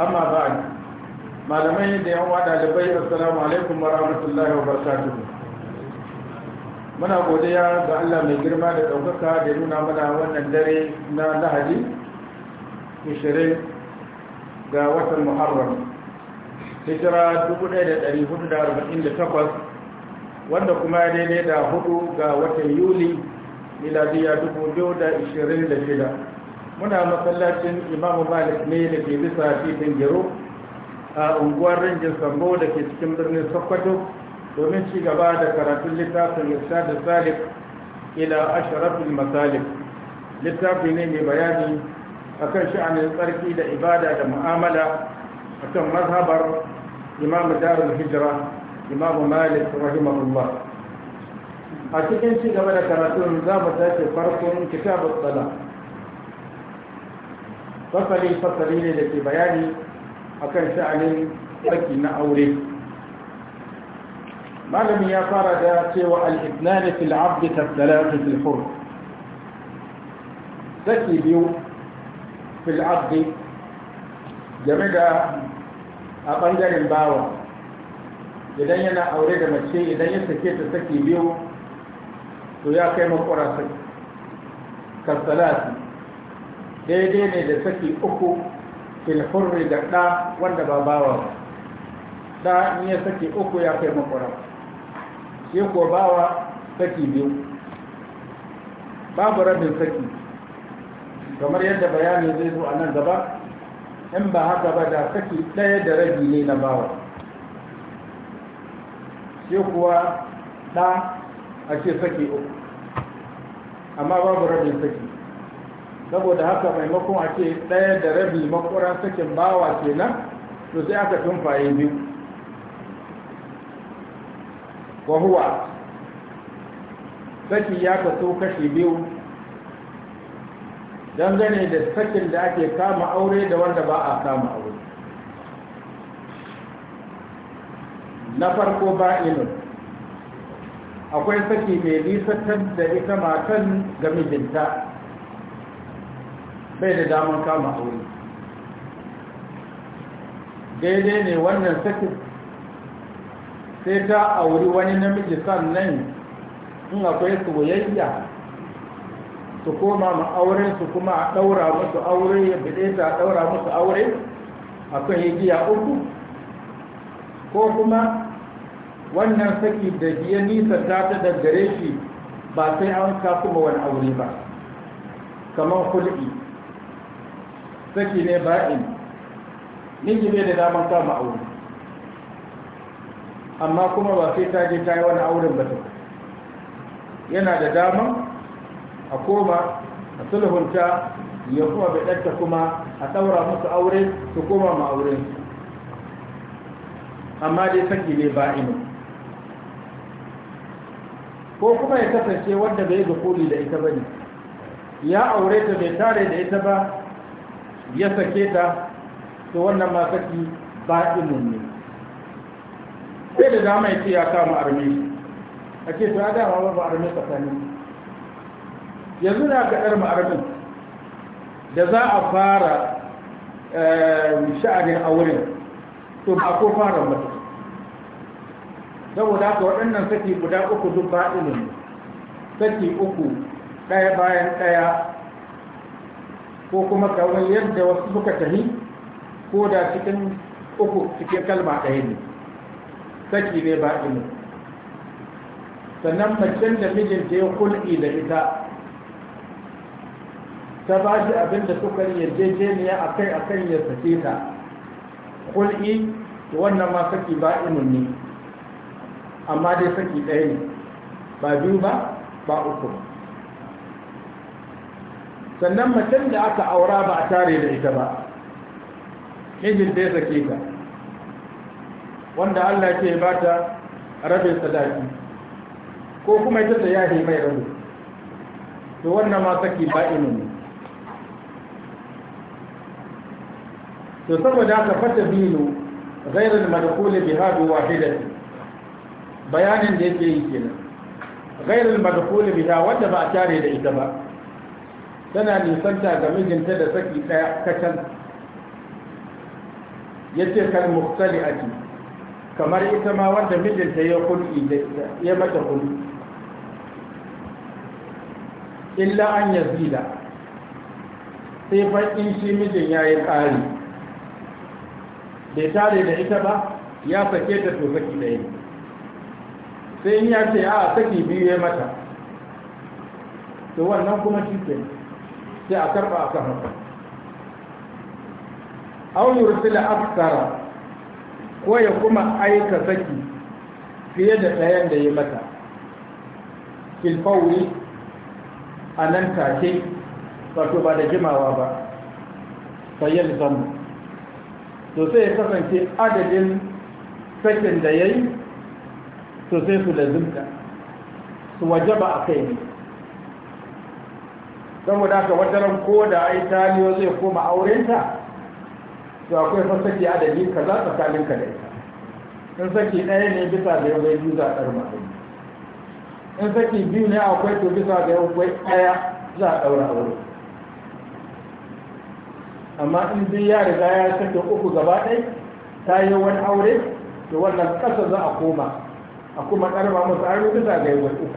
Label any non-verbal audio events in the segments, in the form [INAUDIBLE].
amma ba'd malamai da yan wada dalibai assalamu alaikum wa rahmatullahi wa barakatuh muna godiya ga Allah mai girma da daukaka da nuna mana wannan dare na Lahadi 20 ga watan Muharram hijira 1448 wanda kuma ya daidai da hudu ga watan yuli miladiya 2026 muna masallacin imamu malik ne da ke bisa titin gero a unguwar rangin sambo da ke cikin birnin sokoto domin ci gaba da karatun littafin irshad da salif ila asharafin masalif littafi ne mai bayani akan sha'anin tsarki da ibada da mu'amala akan mazhabar imamu darul hijira imamu malik rahimahullah a cikin ci gaba da karatun za mu tashi farkon kitabun tsala فصلي فصلي لي لكي بياني أكن سألين لكي نأوري ما لم يقار دا سوى الإثنان في العبد كالثلاثة في الحر ذكي بيو في العبد جميلة أقنجر الباوة إذن ينا أوريد ما الشيء إذن يسكيت ذكي بيو تياكي مقرأ سكي كالثلاثة daidai ne da saki uku filhurri da ɗa wanda ba bawa ba ɗa in ya saki uku ya kai makwara shi ko bawa saki biyu babu rabin saki kamar yadda bayani zai zo a nan gaba in ba haka ba da saki ɗaya da rabi ne na bawa shi kuwa ɗa a ce saki uku amma babu rabin saki saboda haka maimakon a ce ɗaya da rabi makwaran sakin bawa kenan to sai aka tumfaye biyu wahuwa saki ya kaso kashi biyu dangane da sakin da ake kama aure da wanda ba a kama aure na farko ba ba'inun akwai saki mai nisantar da ita matan ga mijinta bai da damar kama aure daidai ne wannan sake sai ta auri wani namiji sannan in akwai soyayya su koma ma su kuma a ɗaura musu aure ya bude ta a ɗaura musu aure a akwai igiya uku ko kuma wannan saki da biya nisa ta ta daggare shi ba sai an kasu kuma wani aure ba kamar hulɗi saki ne ba'in miji bai da daman kama aure amma kuma ba sai ta je ta yi wani auren ba yana da daman a koma a sulhunta ya kuma ɗanta kuma a ɗaura musu aure su koma ma aure amma dai saki ne ba'in ko kuma ya kasance wanda bai koli da ita ba ne ya aure ta bai tare da ita ba ya sake ta to wannan ma saki ba'imun ne sai da dama ya ce ya kama armi a ce ta dama ba armi tsakanin yanzu na ga ɗar ma'armin da za a fara eh, sha'anin wurin, to ba ko fara mata saboda haka waɗannan saki guda uku duk ba'imin saki uku ɗaya bayan ɗaya ko kuma kawai yadda wasu suka tafi ko da cikin uku cikin kalma ɗaya ne saki ne ba inu sannan macen da mijinta ya kulki da ita ta ba shi abin da suka yarjejeniya a kai a kan ya sake ta kulki wannan ma saki ba inu ne amma dai saki ɗaya ne ba biyu ba ba uku ba sannan macen da aka aura ba a tare da ita ba mijin da ya sake ta wanda Allah ke ba ta rabin sadaki ko kuma ita da yahe mai rabu to wannan ma saki ba ne to saboda haka fata binu ghairar madakuli bi hadu wahidati bayanin da yake yi kenan ghairar madakuli bi da wanda ba a tare da ita ba tana nisanta ga mijinta da saki ɗaya kacan ya ce kan muktali aji kamar ita ma wanda mijinta ya kulki da ya mata kulki illa an zila sai fa'in shi mijin ya yi ƙari bai tare da ita ba ya sake ta to saki ɗaya sai ya ce a saki biyu ya mata to wannan kuma shi ne. sai a karba a kan haka au yursila aksara ko ya kuma aika saki fiye da ɗayan da ya mata filfauri a nan take wato ba da jimawa ba sayyar zamu to sai ya kasance adadin sakin da ya yi to sai su lazimta su wajaba a kai ne saboda haka wata ran ko da yi taliyo zai koma aurenta to akwai fa ka adadi kaza tsakanin ka da ita in saki ɗaya ne bisa da yau zai biyu za a ɗaura in saki biyu ne akwai to bisa da yau bai ɗaya za a ɗaura aure amma in biyu ya riga ya saki uku gaba ɗai ta yi wani aure to wannan ƙasa za a koma a kuma ƙarfa musu an bisa da yau uku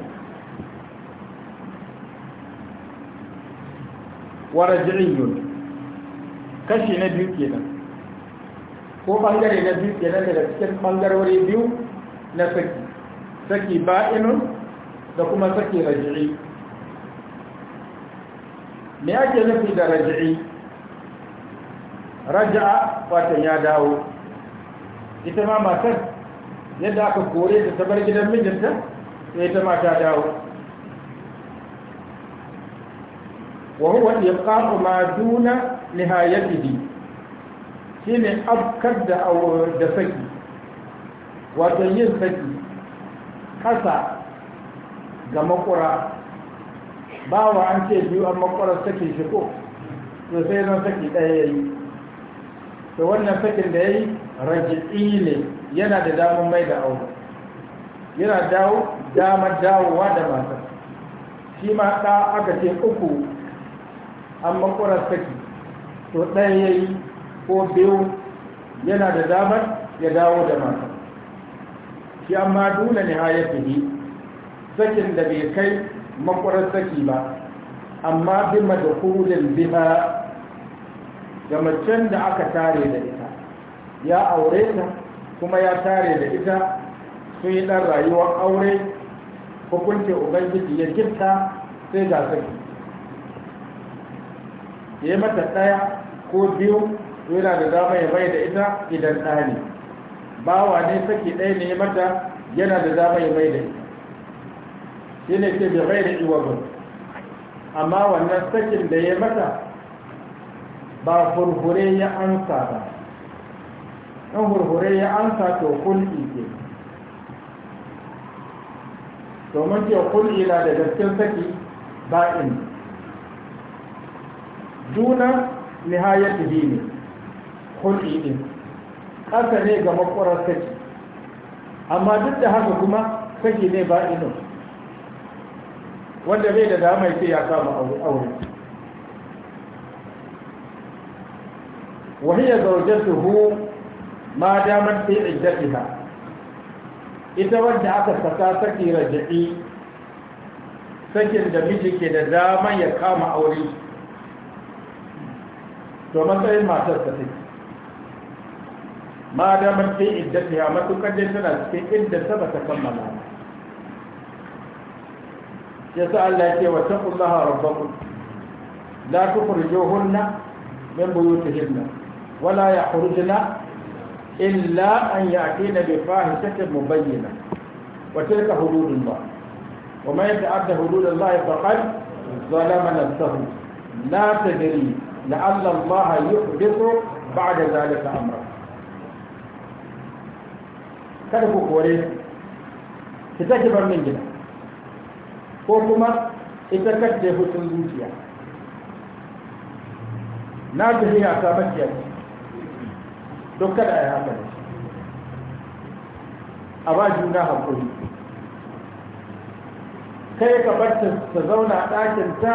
wa kashi na biyu kenan ko bangare na biyu kenan daga cikin bangarori biyu na saki saki ba'inun da kuma saki raji'i me ake nufi da raji'i raja'a watan ya dawo ita ma matar yadda aka kore ta bar gidan mijinta sai ita ma ta dawo وهو إيقاف ما دون نهايته shine abkar da da saki wato yin saki kasa ga makura bawa an ce biyu an makurar saki shi ko to zan saki ɗaya ya yi to wannan sakin da ya yi raji'i ne yana da damar mai da aure yana dawo dawowa da matar shi ma ɗa aka ce uku an makwara saki to ɗaya ya yi ko biyu yana da damar ya dawo da mata shi amma dole ne ha ya fi sakin da bai kai makwarar saki ba amma bi madakulin biha ga macen da aka tare da ita ya aure ta kuma ya tare da ita sun yi ɗan rayuwar aure hukuncin ubangiji ya gifta sai ga saki ya yi mata ɗaya ko biyu yana da dama ya bai da ita idan ɗa ne wa ne saki ɗaya ne ya mata yana da dama ya bai da ita shi ne ce bai bai da iwagun amma wannan sakin da ya mata ba furfure ya ansa ba in furfure ya ansa to kulki ke domin ke kulki na da gaskin saki ba'in duna nihayatihi ne hul'i ne ƙasa ne ga makwarar saki amma duk da haka kuma saki ne ba ino wanda bai da dama ya ce ya kama aure وهي زوجته ما دامت في عدتها ita wanda aka saka saki raja'i sakin da miji ke da dama ya kama aure to matsayin matar ta take ma da man fi iddati ha matukar dai tana cikin inda ta ba ta kammala ya sa Allah ya ce wa taqullaha rabbakum la tukhrijuhunna min buyutihinna wala yakhrujna illa an ya'tina bi fahishatin mubayyinah وتلك حدود الله وما يتعدى حدود الله فقد ظلم نفسه لا تدري لعل الله يحدث بعد ذلك أمرا kada ku kore ki take bar min gida ko kuma ita kadda hutun zuciya na tafiya ta bakiya don kada a yi haka a ba juna haƙuri kai ka bar zauna ɗakinta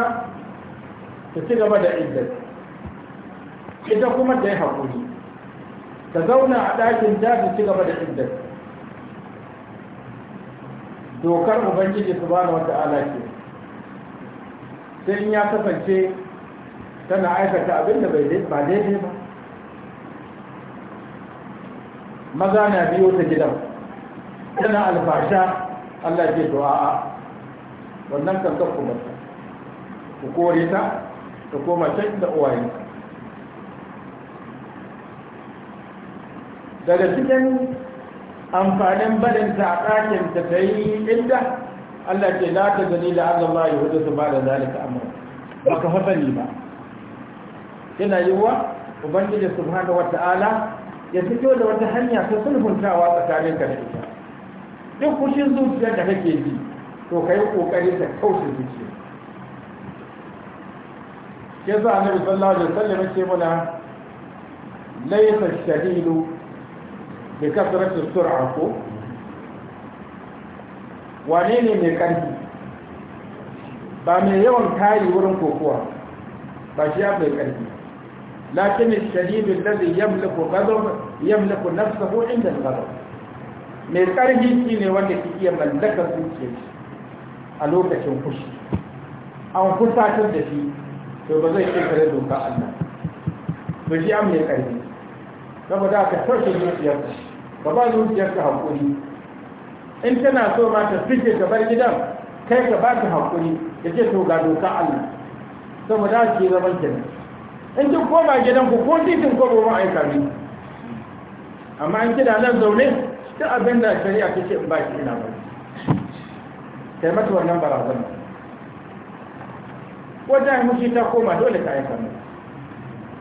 ta gaba da iddata ita kuma ta yi haƙuri ta zauna a ɗakin jafi ci gaba da iddar dokar ubangiji su bani wata ala sai ya kasance tana aikata abin da ba daidai ba maza na biyo ta gidan tana alfasha allah ke du'a wannan kan kuma ta ku kore ta ta koma can da uwayen daga cikin amfanin barinta a ɗakin ta ta yi inda Allah ce la ta gani da Allah ya yahudu su ba da zalika amur ba ka ne ba yana yi wa ubangiji subhanahu wata'ala ya fito da wata hanya ta sulhuntawa tsakanin ka da ita duk kushin zuciyar da kake ji to ka yi ƙoƙari ta kaushe zuciya ke za a nabi sallallahu alaihi wasallam ce muna laysa shadidu da kasaratu sur'a ko wane ne mai ƙarfi ba mai yawan kayi wurin kokowa ba shi ya mai ƙarfi lakin shadidul ladhi yamliku ghadab yamliku nafsahu inda al-ghadab mai ƙarfi shine wanda ke iya mallakar zuciyar shi a lokacin fushi an kusatar da shi to ba zai shekara doka Allah to shi an mai ƙarfi saboda aka taushe zuciyar shi ka ba ka haƙuri in tana so ma ta fice ta bar gidan kai ka ba ta haƙuri ya ce to ga doka Allah saboda shi gaban kenan in kin koma gidan ku ko titin ko ba ai ne amma in kina nan zaune ta abin da shari'a ta ce in ba ki ina ba kai mata wannan barazana mu shi ta koma dole ka aika ne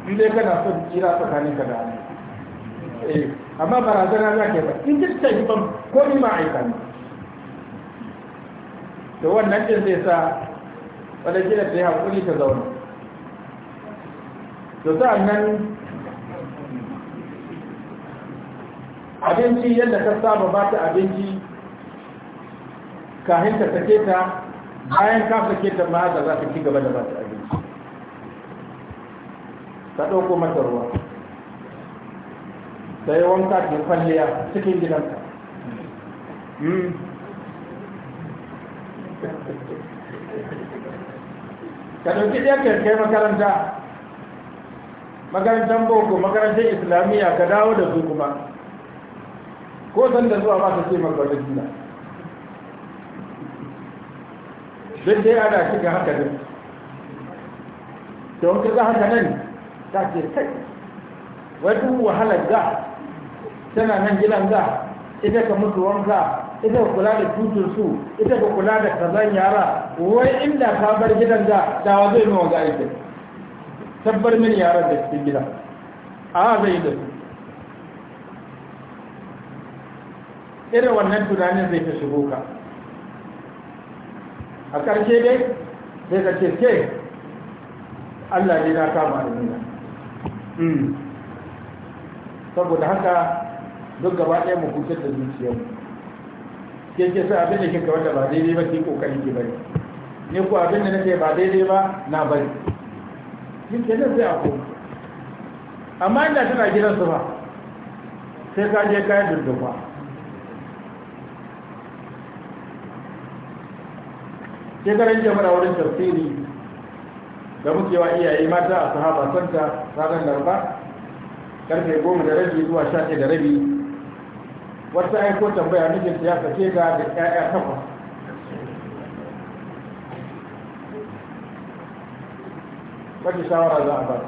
in dai kana so jira tsakaninka da Allah eh. amma barazana za ka yi ba in ji ta yi ban ko ni ma aika ne to wannan din zai sa wadda gina ta yi haƙuri ta zauna to sa'an nan abinci yadda ka saba ba ta abinci kahin ka sake ta bayan ka sake ta ma za ka ci gaba da ba ta abinci Ka ɗauko mata ruwa ta yi wanka ke kwalliya cikin gidanka hmm. ka ɗauki ɗaya kai makaranta makarantar boko makarantar islamiyya ka dawo da su kuma ko san da zuwa ba ta ce makarantar wata jina duk dai ana cika haka ne don ka za haka nan ta ce kai wai wahalar ga tana nan gidan za, ita ka musu wanka ita ka kula da tutunsu, su ita ka kula da kazan yara wai inda ka bar gidan da dawa zai nuna ga aikin tabbar min yaran da cikin gida a zai da su irin wannan tunanin zai ta shigo ka a ƙarshe dai zai ka ce ke allah ne na kama da nuna hmm. saboda haka duk gaba ɗaya mu kusa da zuciyarmu ke ce sai abin da kika wanda ba daidai ba ki kokari ki bari ni ko abin da nake ba daidai ba na bari shi ke nan sai a ko amma ina tana gidan su ba sai ka je kayan duddufa sai ka rage mana wurin tafsiri da muke wa iyaye mata a sahaba santa ranar larba karfe goma da rabi zuwa sha da rabi wata aiko tambaya nake ya sake ga da ƴaƴa takwas wata shawara za a ba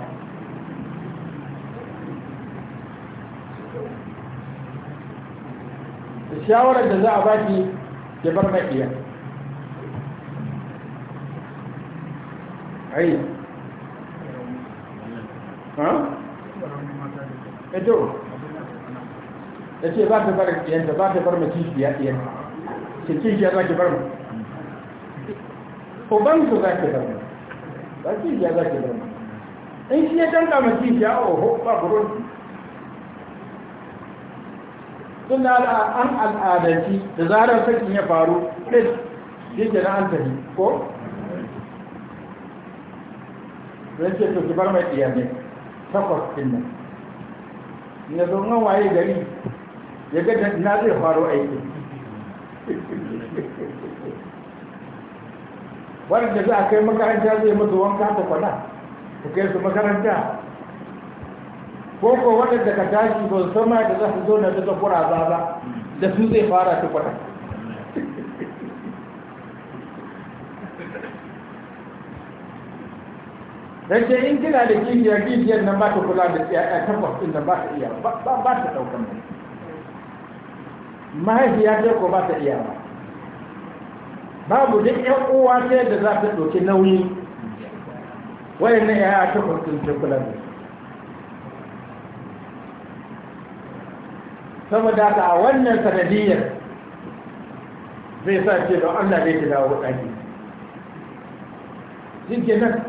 da shawarar da za a ba ki ya bar na iya ai ha? edo da ce ba ta bar ɗiyanta ba ta bar mace biya ɗiyanta ce kishiya za ki bar mu uban su za ki bar mu ba ya za ki bar mu in shi ya canka ma ya oho ba burin sun da an al'adanci da zarar sakin ya faru ɗin shi ke na an tafi ko zai ce to ki bar mai ɗiya ne takwas ɗin nan ya zo waye gari ya ga na zai faro aiki wadanda za a kai makaranta zai mutu wanka ta kwana ku kai su makaranta Koko wadanda waɗanda ka tashi ba san ma da za su zo na daga za ba da su zai fara ta kwana dan ce in kina da kingiyar kingiyar nan ba ta kula da tsaya takwas ɗin da ba ta iya ba ta ɗaukan mai mahaifiya ce ko ba ta iya ba babu duk yan uwa ta da za ta ɗauki nauyi wani na ya ta kwatanta kula da saboda ta a wannan sanadiyar zai sa ce don allah zai ki dawo ɗaki shi ke nan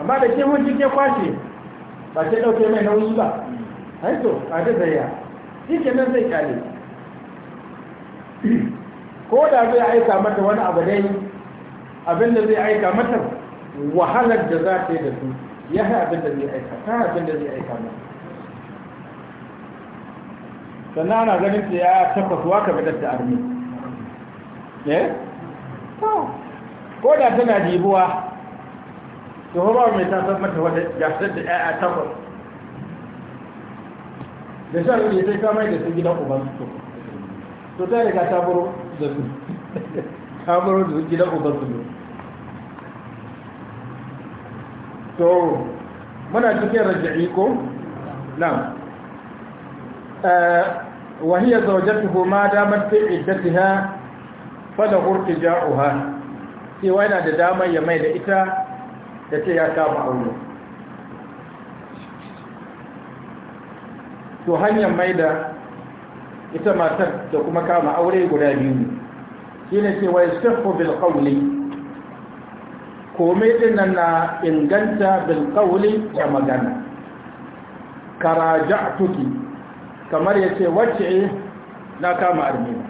amma da ke mun ke kwashe ba ta ɗauke mai nauyi ba haito a da zaya shi ke nan zai kyale ko da zai aika mata wani abu dai abinda zai aika mata wahalar da za ta yi da su ya ha abinda zai aika ta abinda zai aika mata sannan ana ganin ta ya tabbatuwa ka fitar da armi ne? Eh? ko da tana jibuwa to ba mai ta san mata wata gasar da ya tabbatuwa da sharri ne sai ka mai da su gidan uban su to ta riga ta buro da su ta buro da gidan uban su to muna cikin raja'i ko na'am وهي زوجته ما دامت في عدتها فله ارتجاؤها cewa yana da damar ya mai da ita da ce ya kama aure to hanyar mai da ita matar da kuma kama aure guda biyu ne shi ne ce, wai shafa bilkauli komai dinnan na inganta bilkauli da magana karaja tuki kamar ya ce wacce eh, na kama armina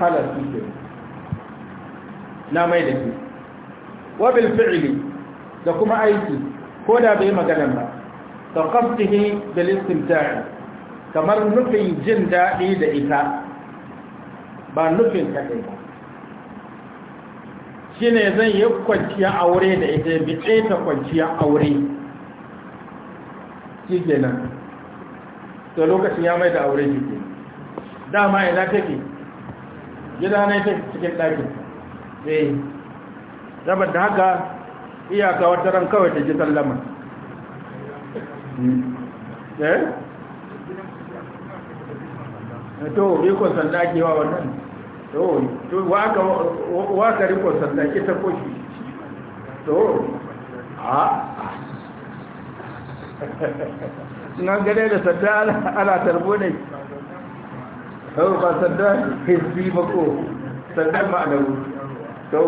halar suke na mai da ke wabil fi'ili da kuma aiki ko da bai magana ba ka qasdihi bil istimta'i kamar nufin jin daɗi da ita ba nufin kaɗai ba shi ne zan yi kwanciya aure da ita ya biɗe ta kwanciya aure shi nan, to lokacin ya mai da aure shi ke dama ina take gida na take cikin ɗakin eh da haka iyaka wata ran kawai ta ji sallama Eh? eh to rikon sanda ke wa wannan to rikon sanda ke ta koshi to a [LAUGHS] da sanda ala tarbo ne ba sanda sanda to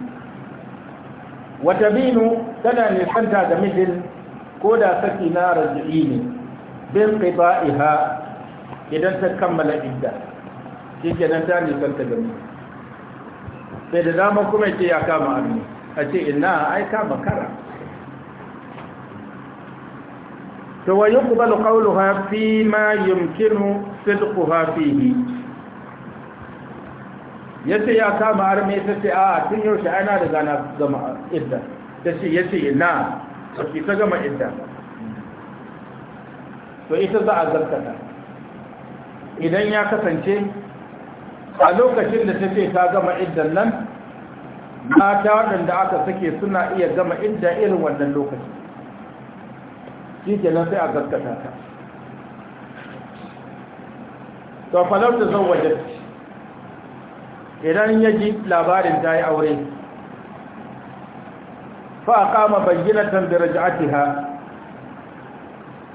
[LAUGHS] wata binu tana nisanta da mijin ko da saki na raji'i ne bin qita'iha idan ta kammala idda shi nan ta nisan ta gami sai da dama kuma ce ya kama abu a ce ina ai kama kara to wa yuqbalu qawluha fi ma yumkinu sidquha fihi yace ya kama arme sai a tun yaushe ana da gana gama idda ya yace ina baki ta gama idda to ita za a zartata idan ya kasance a lokacin da ta ce ta gama iddan nan mata waɗanda aka sake suna iya gama idda irin wannan lokaci shi ke nan sai a zartata ta to falar da zan wajen idan ya ji labarin ta yi aure فأقام بينة برجعتها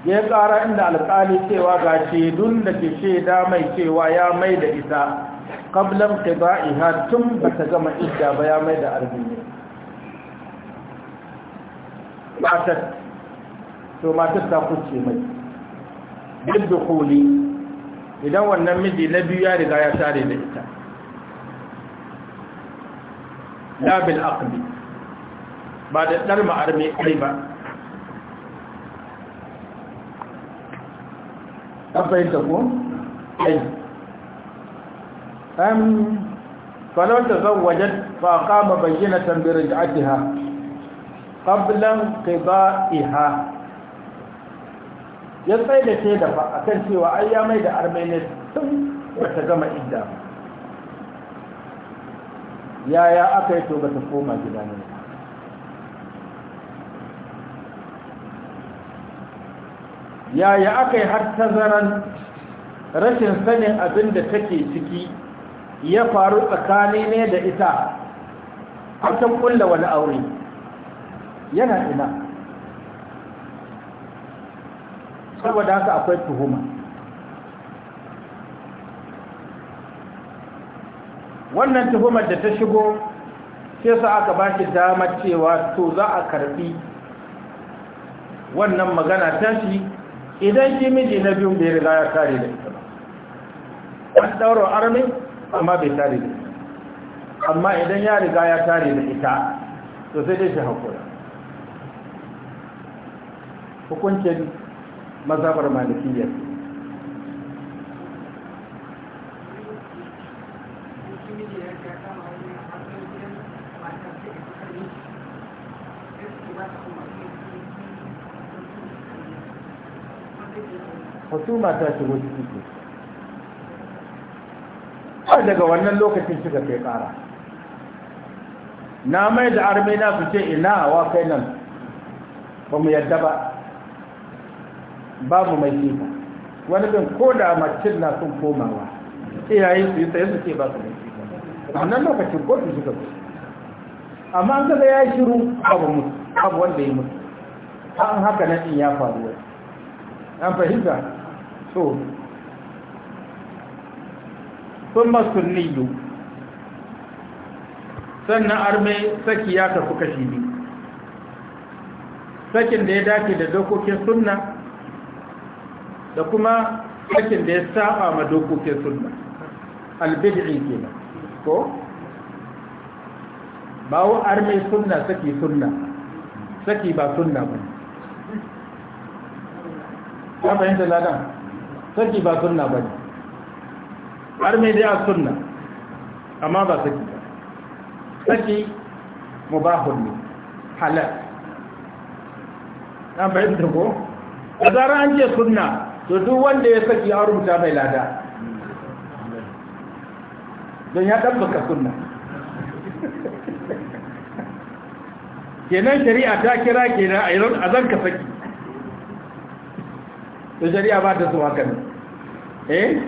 ya tsara inda alƙali cewa ga shaidun da ke shaida mai cewa ya mai da ita ƙablan ha tun ba ta gama idda ba ya mai da arzini matar to matar ta kuce mai duk da koli idan wannan miji na biyu ya riga ya share da ita labil aqli ba da ɗar ma'ar mai kai ba an fahimta ko? kai falauta zan wajen a kama bayyana tambirin da ake ha ƙablan kai ba iha ya tsaye da da dafa a kan cewa an ya mai da armenia tun bata gama idda yaya aka yi to ta koma gida ne yaya aka yi har tazaran rashin sanin abin da take ciki ya faru tsakani ne da ita a can kulla wani aure yana ina saboda haka akwai tuhuma wannan tuhumar da ta shigo sai sa aka ba shi damar cewa to za a karbi wannan magana tashi idan shi miji na biyun bai riga ya tare da ita ba ɗaurin ɗaura armi amma bai tare da ita amma idan ya riga ya tare da ita to sai dai shi haƙura hukuncin mazabar malikiyar husuma ta shigo ciki ke har daga wannan lokacin shiga kai kara na mai da na su ce ina wa kai nan ba mu yadda ba babu mai kifa wani bin ko da macin na sun komawa iyayen su yi sai su ce ba su mai kifa wannan lokacin ko su shiga amma an kaga ya yi shiru abu mutu abu wanda ya mutu an haka nan in ya faruwa. an fahimta so sun masunniyu sannan arme saki ya kasu kashi ne sakin da ya dace da dokokin sunna da kuma sakin da ya saba ma dokokin sunna ke kenan ko ba wa arme sunna saki sunna saki ba sunna ba Ya fahimta ladan saki ba sunna ba ne har mai dai a sunna amma ba saki ba saki mubahun ne halal na bayan ko a zara an ce sunna to duk wanda ya saki a rubuta mai lada don ya ɗabbaka sunna kenan shari'a ta kira kenan a yi a zanka saki to shari'a ba ta zuwa kan eh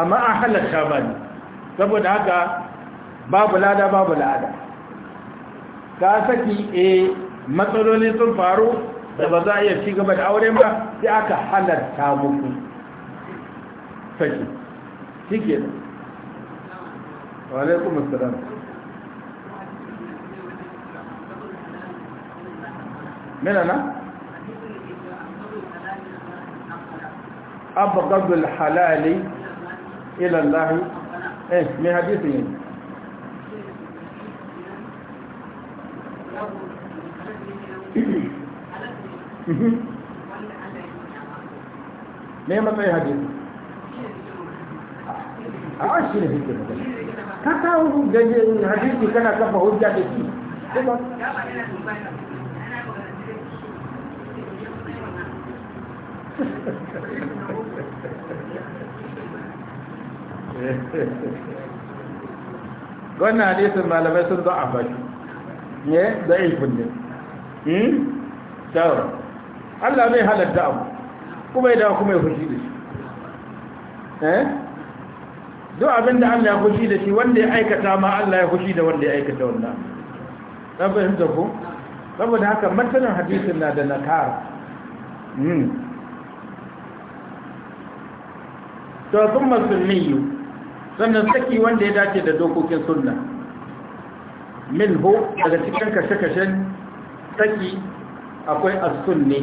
amma an halarta ba ne saboda haka babu lada babu lada ka saki eh matsaloli sun faru da ba za a iya ci gaba da aure ba sai aka halarta muku saki shi ke nan walaikun na na? أبغض الحلال إلى الله إيه من حديثه إيه؟ [LAUGHS] من ما في حديث عشر حديث كتاو جاي حديث كان كفا حجة Thank you. wannan hadisin malamai sun zo a baki ne da ilfin hmm? ne shawar Allah mai halatta abu kuma idan kuma ya fushi da shi eh duk abinda Allah ya fushi da shi wanda ya aikata ma Allah ya fushi da wanda ya aikata wannan dan fahimta ko saboda haka matanin hadisin na da nakara hmm. to sun niyu sannan saki wanda ya dace da dokokin sunna ho daga cikin kashe-kashen saki akwai as-sunni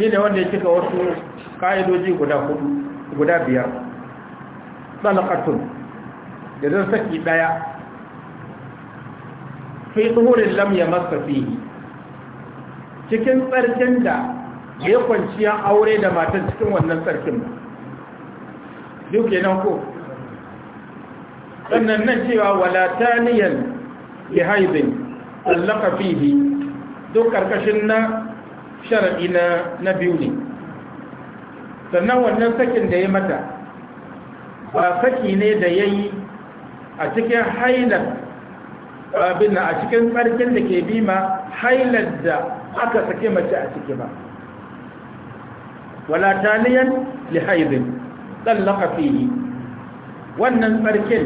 shi ne wanda ya cika wasu ka'idoji guda biyar talaqatun da zan saki daya fi tuhurin lamya masu fihi cikin tsarkin da ya kwanciya aure da matan cikin wannan tsarkin ba duk kenan ko sannan nan cewa wala taniyan li haidin allaka fihi duk karkashin na shar'i na biyu ne sannan wannan sakin da ya mata ba saki ne da yayi a cikin hailar abin a cikin tsarkin da ke bima hailar da aka sake mace a ciki ba wala taniyan li tsallaka fili wannan tsarkin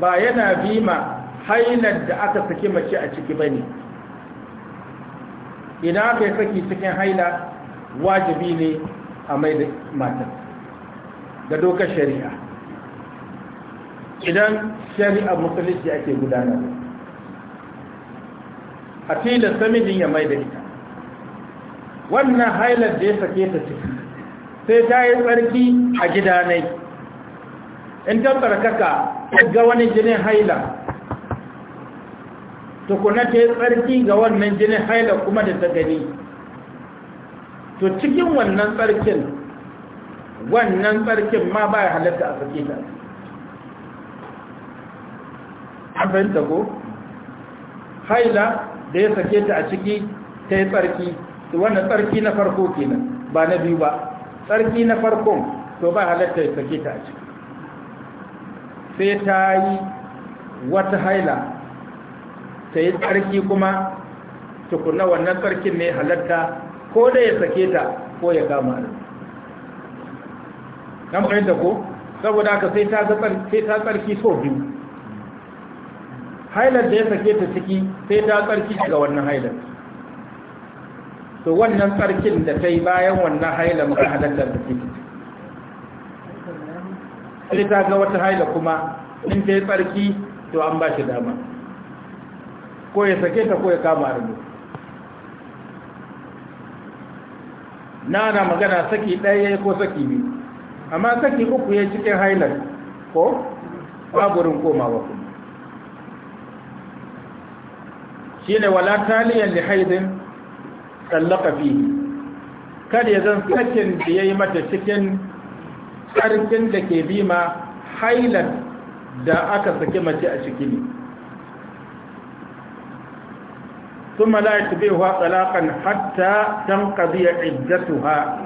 ba yana bima hailar da aka saki mace a ciki ba ne idan aka yi saki cikin haila wajibi ne a mai da matan da dokar shari'a idan shari'a musulunci ake gudanar a tilasta mijin ya mai da ita wannan hailar da ya sake ta ciki sai ta yi tsarki a gidanai in ta tsarkaka ga wani jinin haila to na ta yi tsarki ga wannan jinin haila kuma da ta gani to cikin wannan tsarkin wannan tsarkin ma ba ya halatta a sake ta abin ko haila da ya sake ta a ciki ta yi tsarki wannan tsarki na farko kenan ba na biyu ba tsarki na farkon to ba halatta ya sake ta a ciki sai ta yi wata haila ta yi tsarki kuma tukuna wannan tsarkin ne halatta ko da ya sake ta ko ya gama da kan fahimta ko saboda haka sai ta tsarki so biyu hailar da ya sake ta ciki sai ta tsarki daga wannan hailar to wannan tsarkin da ta yi bayan wannan haila muka halartar da ciki sai ta ga wata haila kuma in ta yi tsarki to an ba shi dama ko ya sake ta ko ya kama arzu na na magana saki ɗaya ko saki biyu amma saki uku ya cikin hailar ko baburin komawa kuma shi ne wala taliyan da haidin tsallaka bihi kada ya zan sakin da ya yi mata cikin ƙarfin da ke bi ma hailar da aka saki mace a ciki ne sun mala'ita bai wa tsalakan hatta don ƙaziyar iddatu ha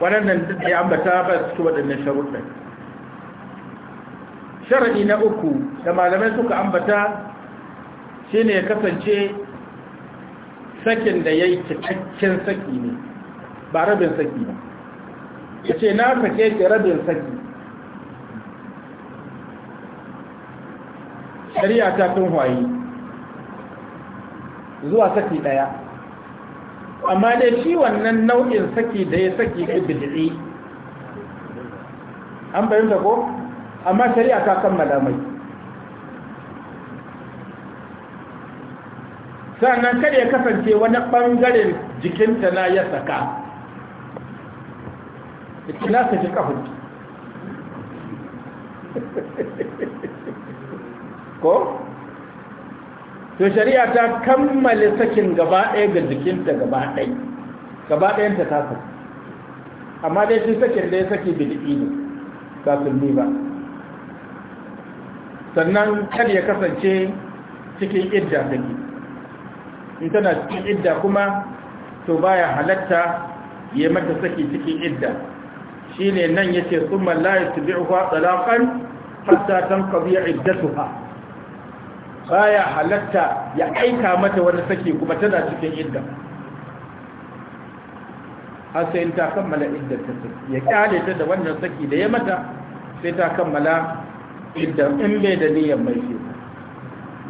waɗannan duk da ya ambata ba su ci waɗannan sharuɗin sharaɗi na uku da malamai suka ambata shine ya kasance sakin da ya yi cikakken saki ne ba rabin saki ba ya ce na sake ki rabin saki shari'a ta tun hawaii zuwa saki daya amma dai shi wannan nau'in saki da ya saki da bid'i an da ko amma shari'a ta kammala mai sannan kada ya kasance wani ɓangaren jikinta na ya saka na saki kafinta ko? to shari'a ta kammala sakin gaba ɗaya ga jikinta gaba ɗaya gaba ɗayanta ta saki amma dai shi sakin da ya saki bil'i ne kafin ne ba sannan kada ya kasance cikin idda saki in tana cikin idda kuma to baya halatta ya mata saki cikin idda shine nan yace thumma la yatbi'uha talaqan hatta tanqadi iddatuha baya halatta ya aika mata wani saki kuma tana cikin idda har sai ta kammala iddar ta ya kyale ta da wannan saki da ya mata sai ta kammala iddar in bai da niyyar mai shi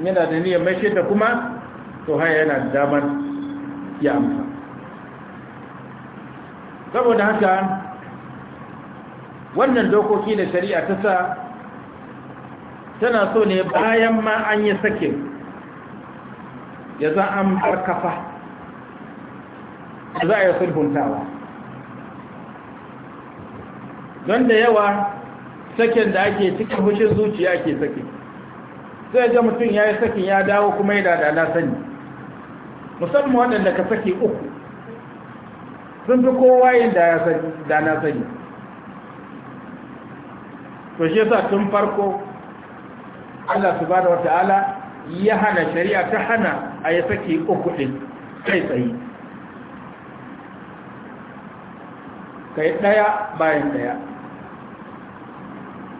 yana da niyyar mai shi ta kuma to haya yana da damar ya amsa saboda haka wannan dokoki da shari'a ta sa tana so ne bayan ma an yi sake ya za an barkafa za a yi sulhuntawa don da yawa sakin da ake cikin hushin zuciya ke sake sai ga mutum ya yi sakin ya dawo kuma ya da na sani musamman waɗanda ka sake uku sun fi kowa yin da na sani to shi yasa tun farko Allah Su Bada wata'ala ya hana shari'a ta hana a ya sake uku ɗin kai tsaye kai ɗaya bayan ɗaya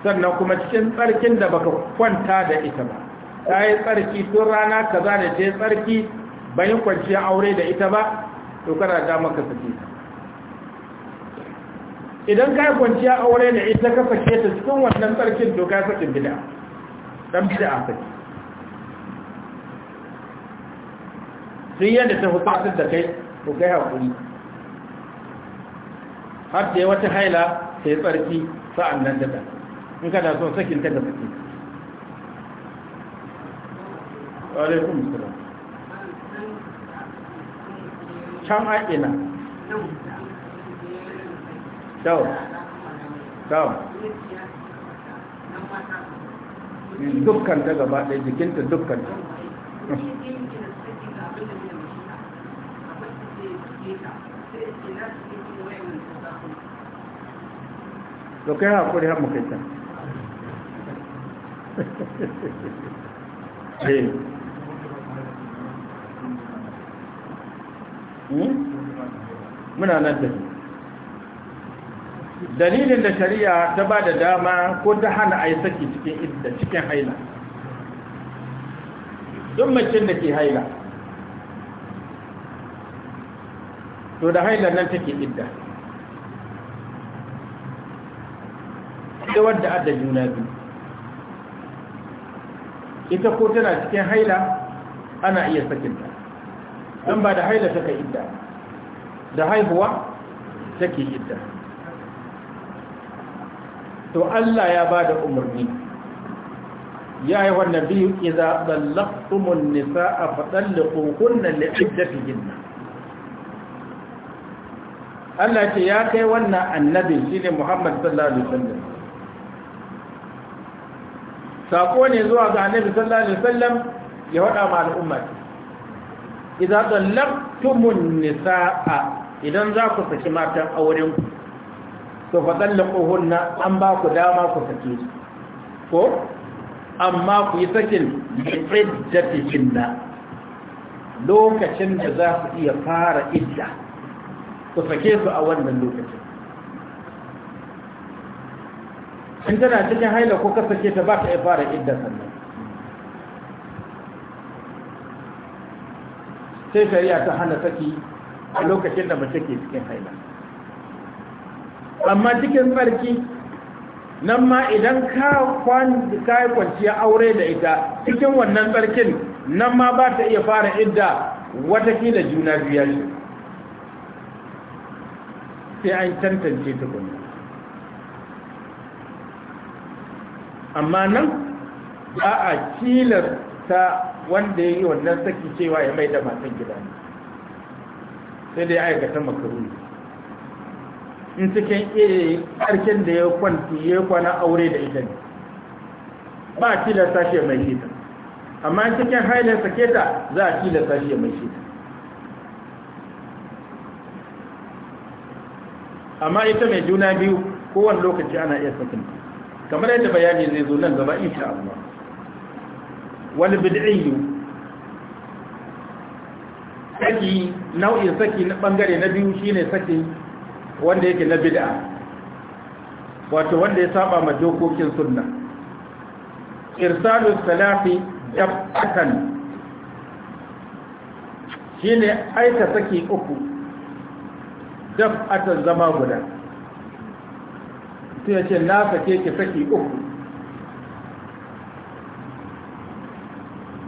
sannan kuma cikin tsarkin da baka kwanta da ita ba ta yi tsarki tun rana za da ta yi tsarki bayan kwanciya aure da ita ba to kana da maka sake ta idan ka kwanciya aure da ita ka sake ta cikin wannan tsarkin to ka sake bid'a dan bid'a sake sai yadda ta hukatar da kai to kai hakuri har da wata haila sai tsarki sa'an nan da ta in kana son sakin ta da sake ta alaikum salam can aina tau tau dukkan ta gaba ɗaya jikinta dukkan ta to kai haƙuri har kai ta [LAUGHS] Hmm? muna nan da dalilin da shari'a ta ba da dama ko ta hana a yi saki cikin idda cikin haila don macin da ke haila to da haila nan take idda da wadda adda juna biyu ita ko tana cikin haila ana iya sakinta don ba da haila take idda da haihuwa take idda to Allah ya ba da umarni ya yi wannan biyu iza tsallaktumun nisa a faɗallikun kunnan li'iddafihin Allah ce ya kai wannan Annabi shi ne Muhammad sallallahu Alaihi wasallam saƙo ne zuwa ga annabi sallallahu Alaihi wasallam ya waɗa ma al'ummata idza tallaqtumun nisaa idan za ku saki matan auren ku to fa tallaquhunna an ba ku dama ku sake su ko amma ku yi sakin iddatihinna lokacin da za su iya fara idda ku sake su a wannan lokacin in tana cikin haila ko ka sake ta ba ta iya fara idda sannan sai shari'a ta hana saki a lokacin da mace ke cikin haila amma cikin tsarki nan ma idan ka yi kwanciya aure da ita cikin wannan tsarkin nan ma ba ta iya fara idda wata watakila juna biya shi sai an tantance ta kuma amma nan ba a kilar ta wanda ya yi wannan saki cewa ya mai da matan gida ne sai dai aikata makaruni in cikin iya ƙarshen da ya kwanci ya kwana aure da ita ne ba a tilasta shi mai shi ta amma cikin hailin sake ta za a tilasta shi mai shi ta amma ita mai juna biyu kowane lokaci ana iya sakin kamar yadda bayani zai zo nan gaba insha Allah Wani wal bid'iyyu saki nau'in saki na bangare na biyu shine saki wanda yake na bid'a wato wanda ya saba ma dokokin sunna irsalu salafi Shi ne aika saki uku dabatan zama guda sai ya ce na sake ki saki uku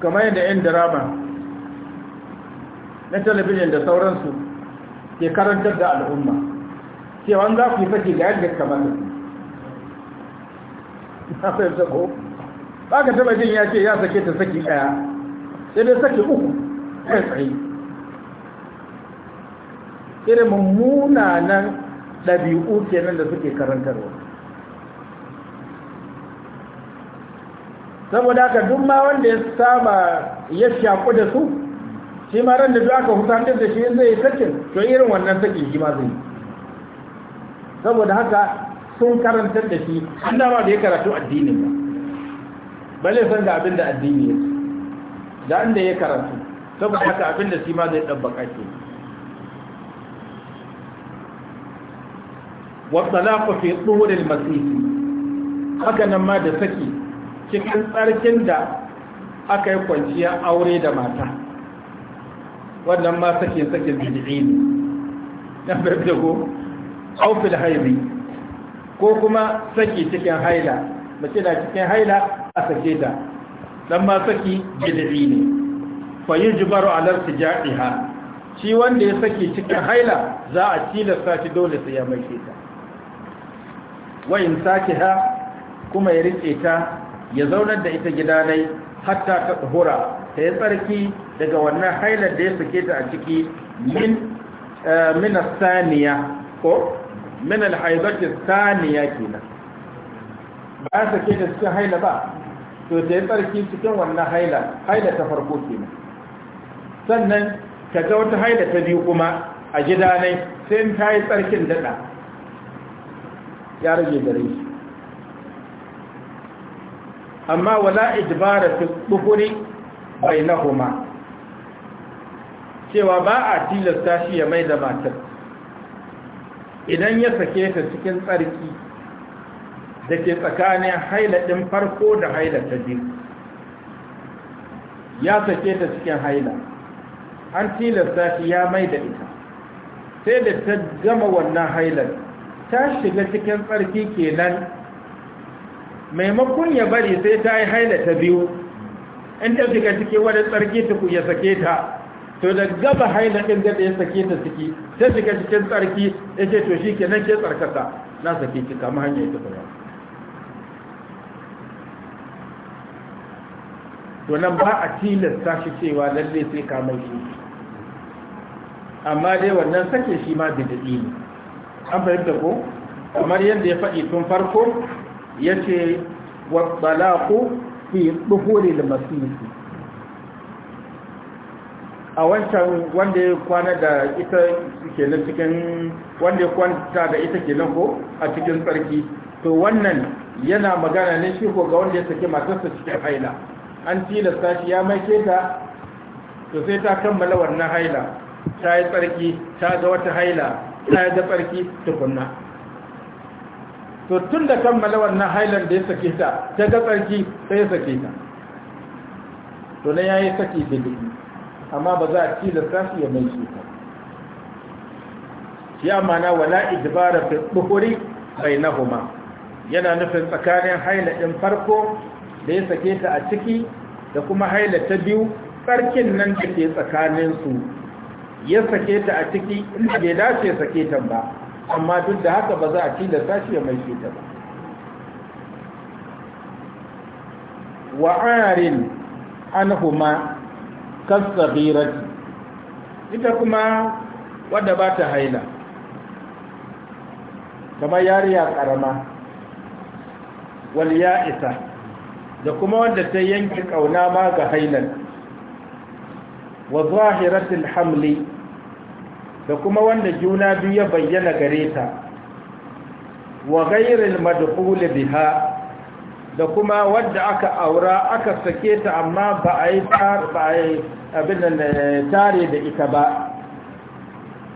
kamar yadda 'yan drama na talabijin da sauransu ke karantar da al'umma cewa za ku yi fage ga yadda kamata na fahimta ko ba ka taba jin ya ce ya sake ta saki ɗaya sai dai saki uku kai tsaye irin mummunanan ɗabi'u kenan da suke karantarwa saboda haka duk ma wanda ya saba ya shaku da su shi ma ran da duk aka hutantar da shi zai yi sakin to irin wannan sakin shi ma zai yi saboda haka sun karantar da shi an dama da ya karatu addinin ba bale san ga abin da addini ya da an da ya karatu saboda haka abin da shi ma zai ɗabbaka ke Wasu fi tsohurin masisi haka nan ma da saki cikin tsarkin da aka yi kwanciya aure da mata wannan ma sake sake bid'i ne na farko aufil haibi ko kuma sake cikin haila mace na cikin haila a sake ta dan ma saki bid'i ne fa yujbaru ala tija'iha shi wanda ya sake cikin haila za a tilasta shi dole sai ya mai ta wa in ha, kuma ya rike ta ya zaunar da ita gida hatta ta hura ta yi tsarki daga wannan hailar da ya sake ta a ciki min eh, min saniya ko min alhaibati saniya kenan ba sake ta cikin haila ba to ta yi tsarki cikin wannan haila haila ta farko kenan sannan ka ga wata haila ta biyu kuma a gida ne sai ta yi tsarkin daɗa. ya rage da shi amma wala ijbara fi bai duhuri bainahuma cewa ba a tilasta shi ya mai da matar idan ya sake ta cikin tsarki da ke tsakanin hailadin farko da hailata biyu ya sake ta cikin haila an tilasta shi ya mai da ita sai da ta gama wannan hailar ta shiga cikin tsarki kenan maimakon ya bari sai ta yi haila ta biyu in ta fika cikin wani tsarki tuku ya sake ta to da gaba haila ɗin gada ya sake ta ciki ta fika cikin tsarki ya ce to shi ke nan ke tsarkaka na sake ki kama hanyar ta tsara to nan ba a tilasta shi cewa lalle sai kama shi amma dai wannan sake shi ma bidadi ne an fahimta ko kamar yadda ya faɗi tun farko yace wa talaqu fi duhuril masjid a wancan wanda ya kwana da ita nan cikin wanda ya kwanta da ita nan ko a cikin tsarki to wannan yana magana ne shi ko ga wanda ya sake matarsa cikin haila an tilasta shi ya mai ta to sai ta kammala wannan haila ta yi tsarki ta ga wata haila ta yi da tsarki tukunna to tun da kammala wannan hailan da ya sake ta ta ga tsarki sai ya sake ta to na ya yi sake bili amma ba za a da shi ya mai shi ta ya mana wala idbara fi buhuri bainahuma yana nufin tsakanin haila ɗin farko da ya sake ta a ciki da kuma haila ta biyu tsarkin nan da ke tsakaninsu ya sake ta a ciki inda bai dace sake ta ba amma duk da haka ba za a tilasta shi ya mai shi ta ba wa'arin anhuma kasabirati ita kuma wadda ba ta haila kamar yariya karama wani ya isa da kuma wanda ta yanki kauna ma ga hailan wa zahiratul hamli da kuma wanda juna biyu ya bayyana gare ta wa ghairil madkhul biha da kuma wanda aka aura aka sake ta amma ba a yi eh, tare da ita ba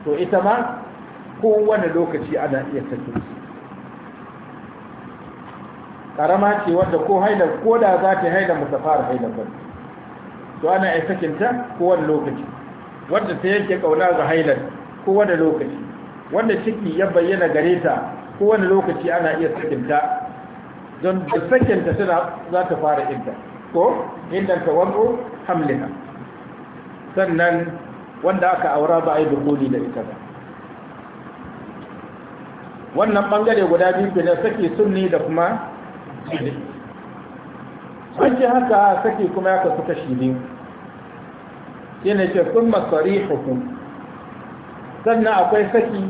to ita ma kowane lokaci ana iya sake karama ce wanda ko haida ko da za ta haida mata fara haida ba to ana iya sakinta kowane lokaci Wanda ta yake kauna ga haidar kowane lokaci wanda ciki ya bayyana gare ta kowane lokaci ana iya sakinta don da sakinta suna za ta fara inda, ko indanta wanzu hamlina sannan wanda aka aura ba a yi dukuli da ita ba wannan bangare guda biyu da sake sunni da kuma sunni an ce haka sake kuma ya kasu kashi biyu yana ce sun masarihukum sannan akwai saki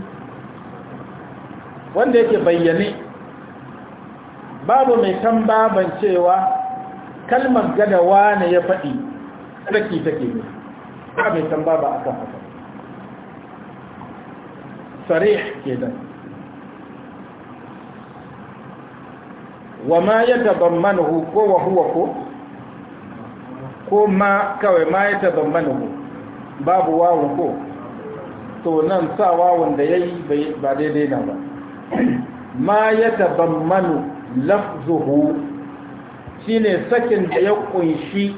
wanda yake bayyane babu mai kan baban cewa kalmar gada wane ya faɗi saki take ne ba mai kan baba kan haka sarih da wa ma ya tabammanuhu ko wa huwa ko ko ma kawai ma ya tabammanuhu babu wawon ko to nan sawa wanda ya yi ba daidai na ba ma ya tabammanu lafzuhu ne sakin da ya kunshi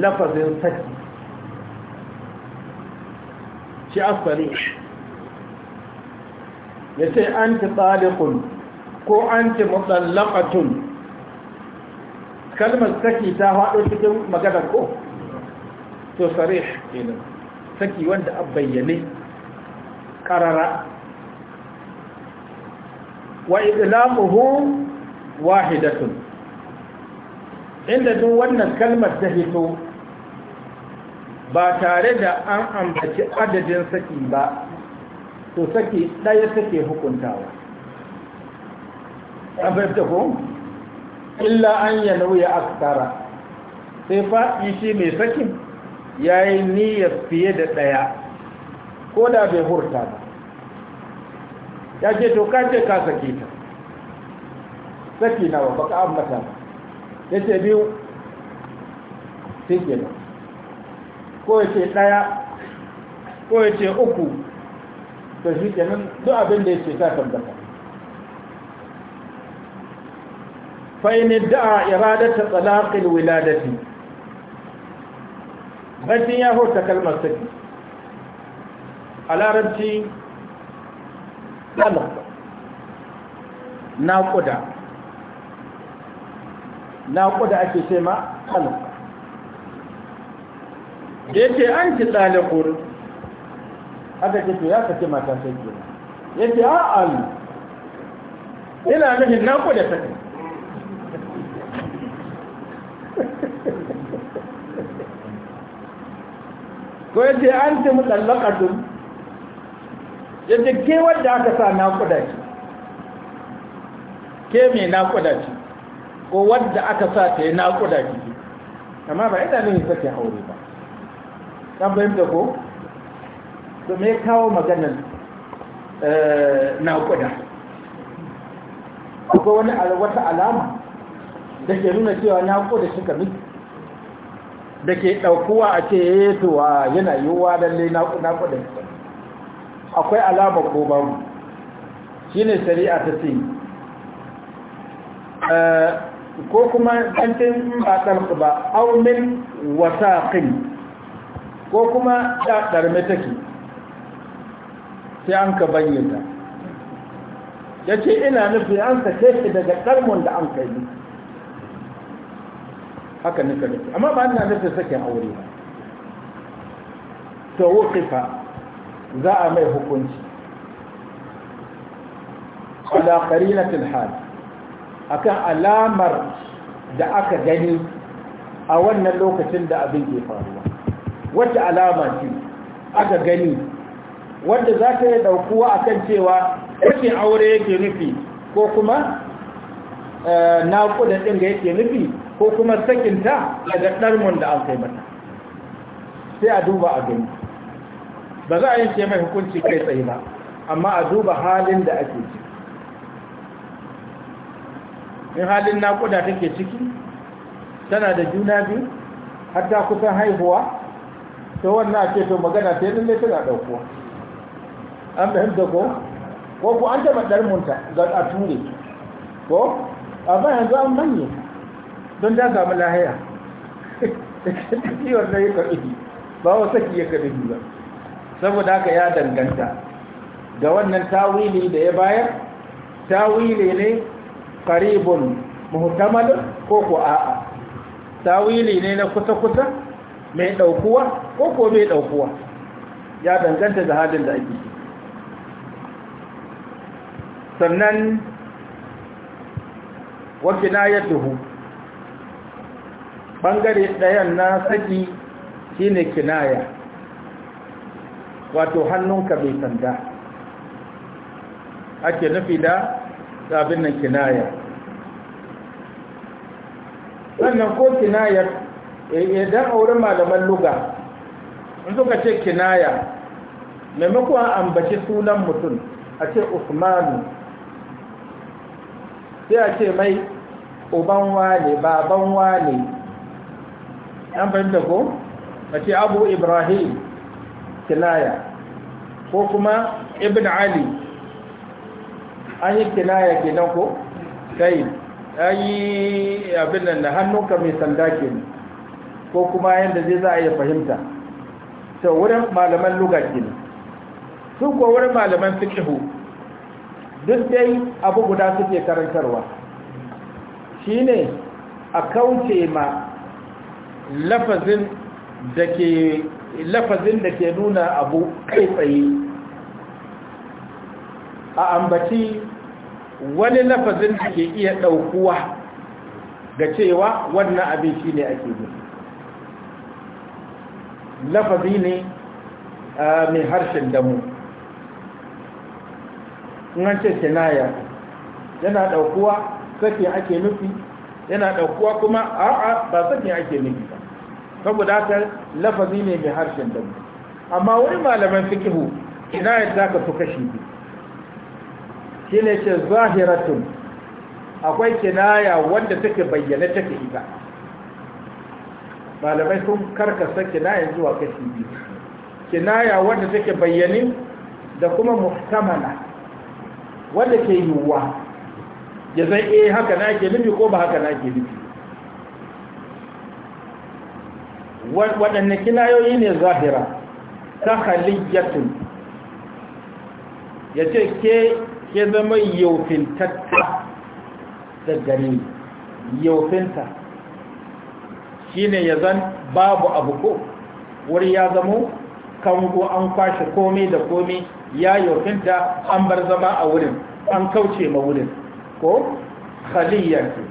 lafazin saki shi asali ya ce an ti tsalikun ko an ti matsallakatun kalmar saki ta haɗo cikin magana ko to sarih kenan saki wanda a bayyane karara wa idlamuhu wahidatun inda duk wannan kalmar ta hito ba tare da an ambaci adadin saki ba to saki ɗaya take hukuntawa an ko illa an yanayi aksara sai fa shi mai sakin ya yi niyyar fiye da ɗaya ko da bai hurta ba ya ce to kace ka sake ta saki nawa baka ambata ba ya ce biyu sai kenan ko ya ce ɗaya ko ya ce uku da shi nan duk abin da ya ce ta tabbata fa'in da'a iradata tsalaƙin wiladati rashin ya hota kalmar saki a larabci ɗalab naƙuda naƙuda ake ce ma ɗalab da yake an ci ɗalakur aka ce to ya kace mata sai ke ya ce a alu ina nufin naƙuda ta [LAUGHS] ko ya ce an ci mu yadda ke wadda aka sa naƙuda ce ke mai naƙuda ce ko wadda aka sa ta yi naƙuda ce amma ba ina ne sake haure ba ɗan bayan da ko to me kawo maganar eh, naƙuda akwai wani wata alama da ke nuna cewa naƙuda shi kami da ke ɗaukuwa a ce ya eh, yi yana yiwuwa lallai naƙuda shi akwai alama ko babu shine shari'a ta ce eh, ko kuma ɗantin ba ku ba aumin wasaƙin ko kuma ɗarme take sai an ka bayyana ya ce ina nufi an ka shi daga ɗarmun da an ka yi haka nika nufi amma ba ina nufi sake aure ba to wukifa za a mai hukunci ala qarinatil a akan alamar da aka gani a wannan lokacin da abin ke faruwa wata alama ce aka gani wanda za ta yi daukuwa akan cewa rashin aure yake nufi ko kuma eh, naƙuda ɗin ga yake nufi ko kuma sakinta daga ɗarmun da an kai mata sai a duba a gani ba za a yi ce mai hukunci kai tsaye ba amma a duba halin da ake ciki in halin naƙuda take ciki tana da juna biyu har ta kusan haihuwa to wannan ake to magana ta yi tana ɗauko an da ko ko ku an taɓa ɗarmunta ga a ture ko amma yanzu an manye don ta samu lahaya da ciwon na yi karɓi ba wa saki ya karɓi ba saboda haka ya danganta ga wannan tawili da ya bayar tawili ne karibun muhtamal ko ko a'a tawili ne na kusa-kusa mai daukuwa ko ko mai daukuwa ya danganta da halin da ake sannan wakina ya tuhu ɓangare ɗayan na saki shine kinaya wato hannunka bai sanda ake nufi da abin nan kinaya sannan ko kinayar idan eh, eh, auren malaman luga in suka ce kinaya maimakon ambaci sunan mutum a ce usmanu sai a ce mai uban wane baban wane an fahimta ko a ce abu ibrahim kinaya ko kuma ibn ali an yi kinaya kenan ko kai an yi abin nan da hannunka mai sanda ke ko kuma yadda zai za a iya fahimta sau wurin malaman luga ke su ko wurin malaman fikihu duk dai abu guda suke karantarwa Shi ne a kauce ma lafazin da ke lafazin da ke nuna abu kai tsaye a ambaci wani lafazin da ke iya ɗaukuwa da cewa wannan abin shi ne ake nufi lafazi ne mai harshen damu in ce yana ɗaukuwa sake ake nufi yana ɗaukuwa kuma a'a ba sake ake nufi ba saboda haka lafazi ne mai harshen damu amma wani malaman fikihu ina yadda ka fi kashi biyu shi ne ce zahiratun akwai kinaya wanda take bayyana take ita malamai sun karkasa kinaya zuwa kashi biyu kinaya wanda take bayyane da kuma muhtamala wanda ke yiwuwa ya zai eh haka na ke nufi ko ba haka na ke nufi waɗanne kinayoyi ne zahira ta haliyyatun ya ce ke ke zama yaufintatta da gani yaufinta shi ne ya zan babu abu ko wuri ya zamo kango an kwashe komai da komai ya yaufinta an bar zama a wurin an kauce ma wurin ko haliyyatun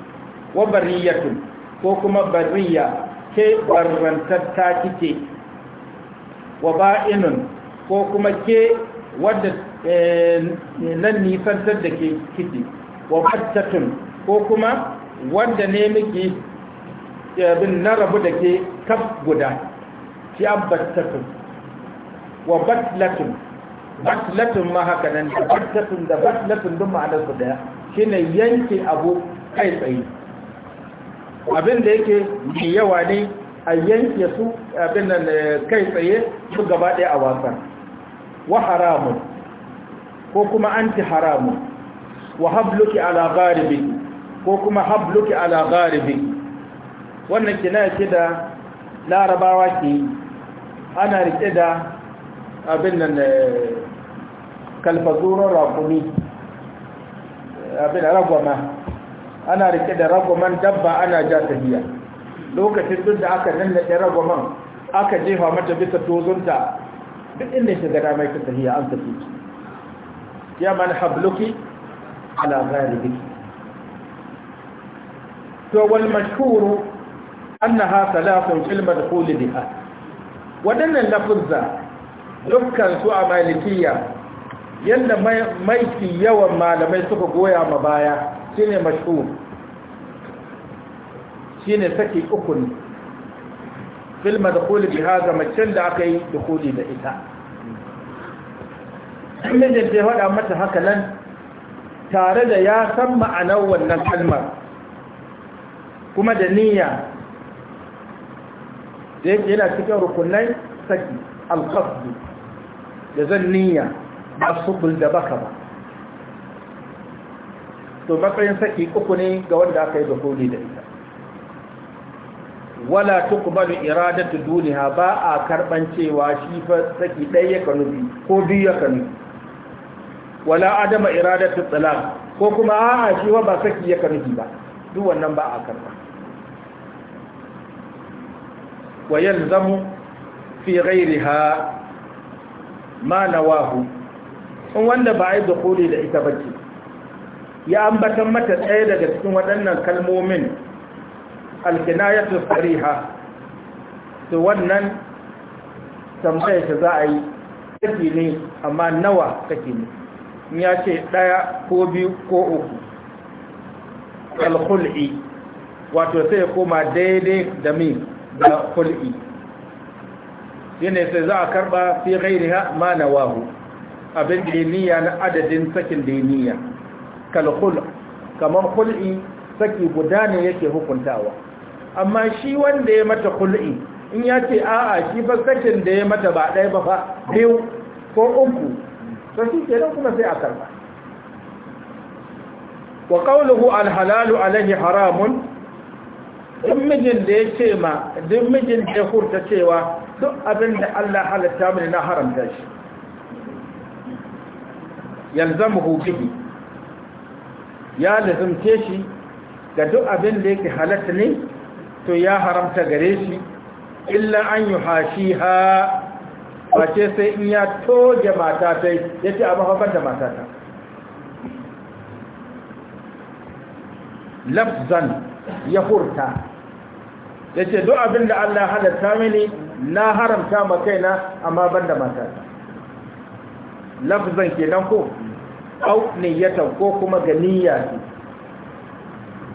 wa bariyyatu ko kuma bariya ke barrantatta kike wa ba'inun ko kuma ke wadda eh, nan nisantar da ke kiti wa fattatun ko kuma wanda ne miki eh, bin na rabu da ke kaf guda shi abbattatun wa batlatun batlatun ma haka nan da batlatun da batlatun duk ma'anarsu daya shi ne yanke abu kai tsaye abin da yake mai yawa ne a yanke su abin da eh, kai tsaye su gaba ɗaya a wasan wa haramun ko kuma anti haramun wa habluki ala gharibi ko kuma habluki ala gharibi wannan kina yake da larabawa ke ana rike da abin da eh, kalfazuran rakumi eh, abin ragwama ana rike da ragoman dabba ana ja tafiya lokacin duk da aka nannaɗe ragoman aka jefa mata bisa tozunta duk inda shi gada mai ta tafiya an tafi ya man habluki ala gharibiki to wal mashhur annaha salafun fil madkhul biha wadannan lafuzza dukkan su a malikiya yadda mai yawan malamai suka goya ma baya shine mashhur shine saki uku ne fil madkhul bi hada macen da aka yi dukuli da ita mijin da faɗa mata haka nan tare da ya san ma'anar wannan kalmar kuma da niyya da yake yana cikin rukunai saki alƙasdu da zan niyya ba subul da baka ba to matsayin saki uku ne ga wanda aka yi da kuli da ita wala tuqbalu iradatu duniha ba a karban cewa shi fa saki dai ya bi ko bi ya kanu wala adama iradatu talaq ko kuma a'a shi ba saki ya bi ba duk wannan ba a karba wa yalzamu fi ghayriha ma nawahu in wanda ba a yi kuli da ita bace ya ambatan mata ɗaya daga cikin waɗannan kalmomin alkinayatu ha su wannan tambayar ta za a yi take ne amma nawa take ne ya ce ɗaya ko biyu ko uku alkul'i wato sai koma daidai da mi da kul'i yana sai za a karɓa fi gairiha ma na wahu abin da niyya na adadin sakin da niyya kalkul kamar kul'i saki guda ne yake hukuntawa amma shi wanda ya mata kul'i in ya ce a'a shi ba sakin da ya mata ba ɗaya ba biyu ko uku to shi ke nan kuma sai a karba wa qawluhu alhalalu alaihi haramun in mijin da ya ce ma duk mijin da hurta cewa duk abin da Allah halatta mini na haramta shi yanzu mu hukumi ya lazumce shi ga duk abin da yake halatta ne to ya haramta gare shi illa an yi hashi ha sai in ya toge matata ya ce a mahaifar da matata lafzan ya hurta ya ce duk abin da allah halatta mini na haramta makaina amma ban da matata lafzan ke ko أو ne ya tauko kuma ga niyya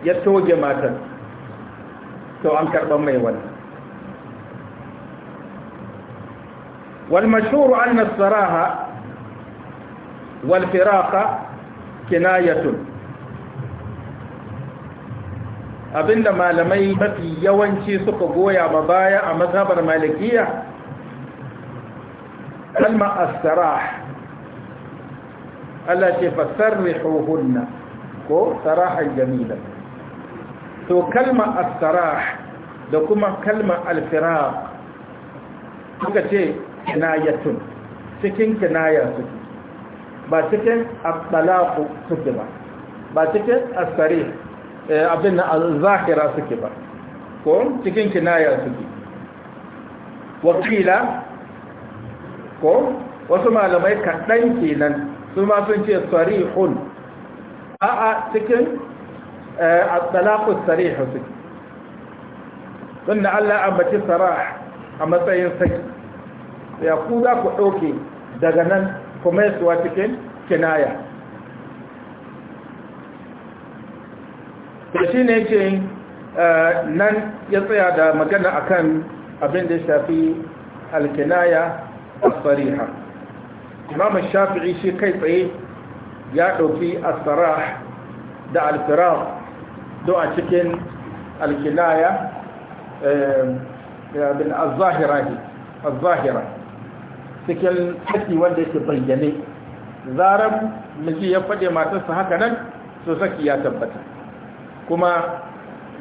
ya soje matan والمشهور أن الصراحة والفراقة كناية أبن ما لم يبت يوان شي سوق قوي مبايا أمزها مالكية كلمة الصراحة Allah ce fasarrihuhunna ko sarahan jamila to kalma as-sarah da kuma kalma al-firaq kuka ce kinayatun cikin kinaya suke ba cikin abdalaku suke ba ba cikin asari eh, abin al-zahira suke ba ko cikin kinaya suke wakila ko wasu malamai kaɗan kenan su ma sun ce sarihun a a cikin eh, at-talaqus sarih suke Allah ambaci sarah a matsayin saki ya ku za ku ɗauke daga nan kuma yasuwa cikin kinaya da shi ne ce eh, nan ya tsaya da magana akan abin da shafi alkinaya a tsariha imam shafi'i shi kai tsaye ya ɗauki asara da alfirar don a cikin alkinaya eh, bin azahira cikin saki wanda yake bayyane zarar miji ya faɗe matarsa haka nan so saki ya tabbata kuma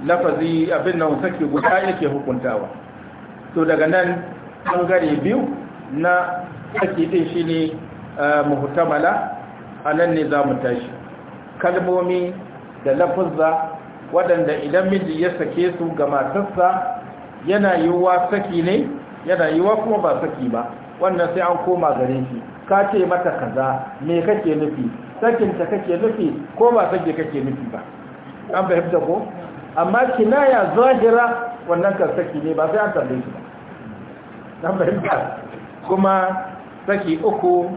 lafazi abin nan saki guda yake hukuntawa to daga nan ɓangare biyu na ake din shi ne eh, muhtamala a nan ne za mu tashi kalmomi da lafuzza waɗanda idan miji ya sake su ga matarsa yana yiwuwa saki ne yana yiwuwa kuma ba saki ba wannan sai an koma gare shi ka ce mata kaza me kake nufi sakinta kake nufi ko ba sake kake nufi ba an fahimta ko amma kinaya zahira wannan kan saki ne ba sai an tambaye shi ba an fahimta kuma saki uku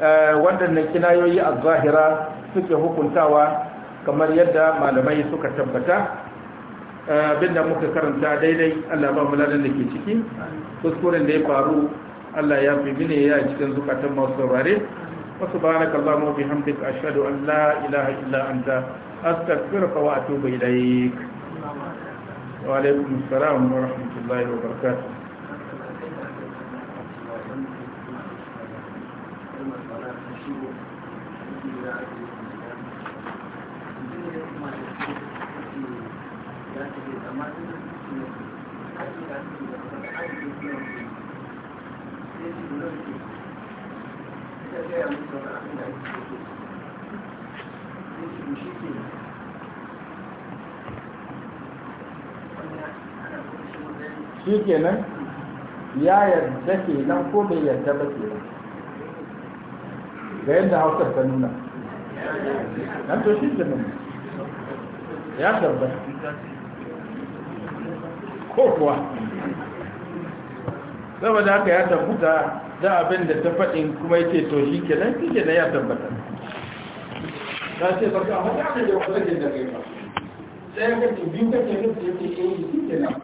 eh, waɗannan kinayoyi a zahira suke hukuntawa kamar yadda malamai suka tabbata eh, abinda muka karanta daidai Allah ba mulanin da ke ciki kuskuren da ya faru Allah ya fi mini ya cikin zukatan masu saurare wasu ba na kallon mafi hamdika a shaɗu an la'ilaha illa an ta fira wa a tuba yi. wa alaikun salam wa rahmatullahi wa barakatuh shi kenan ya yarda kenan ko bai yarda ba kenan ga yadda hausar ta nuna nan to shi kenan ya tabbata ko kuwa saboda haka ya tabbata da abin da ta faɗin kuma yake to shi nan shi nan ya tabbata ta ce ka hada da yau da kai ba sai ka ce biyu kake nufi yake yi eh, shi kenan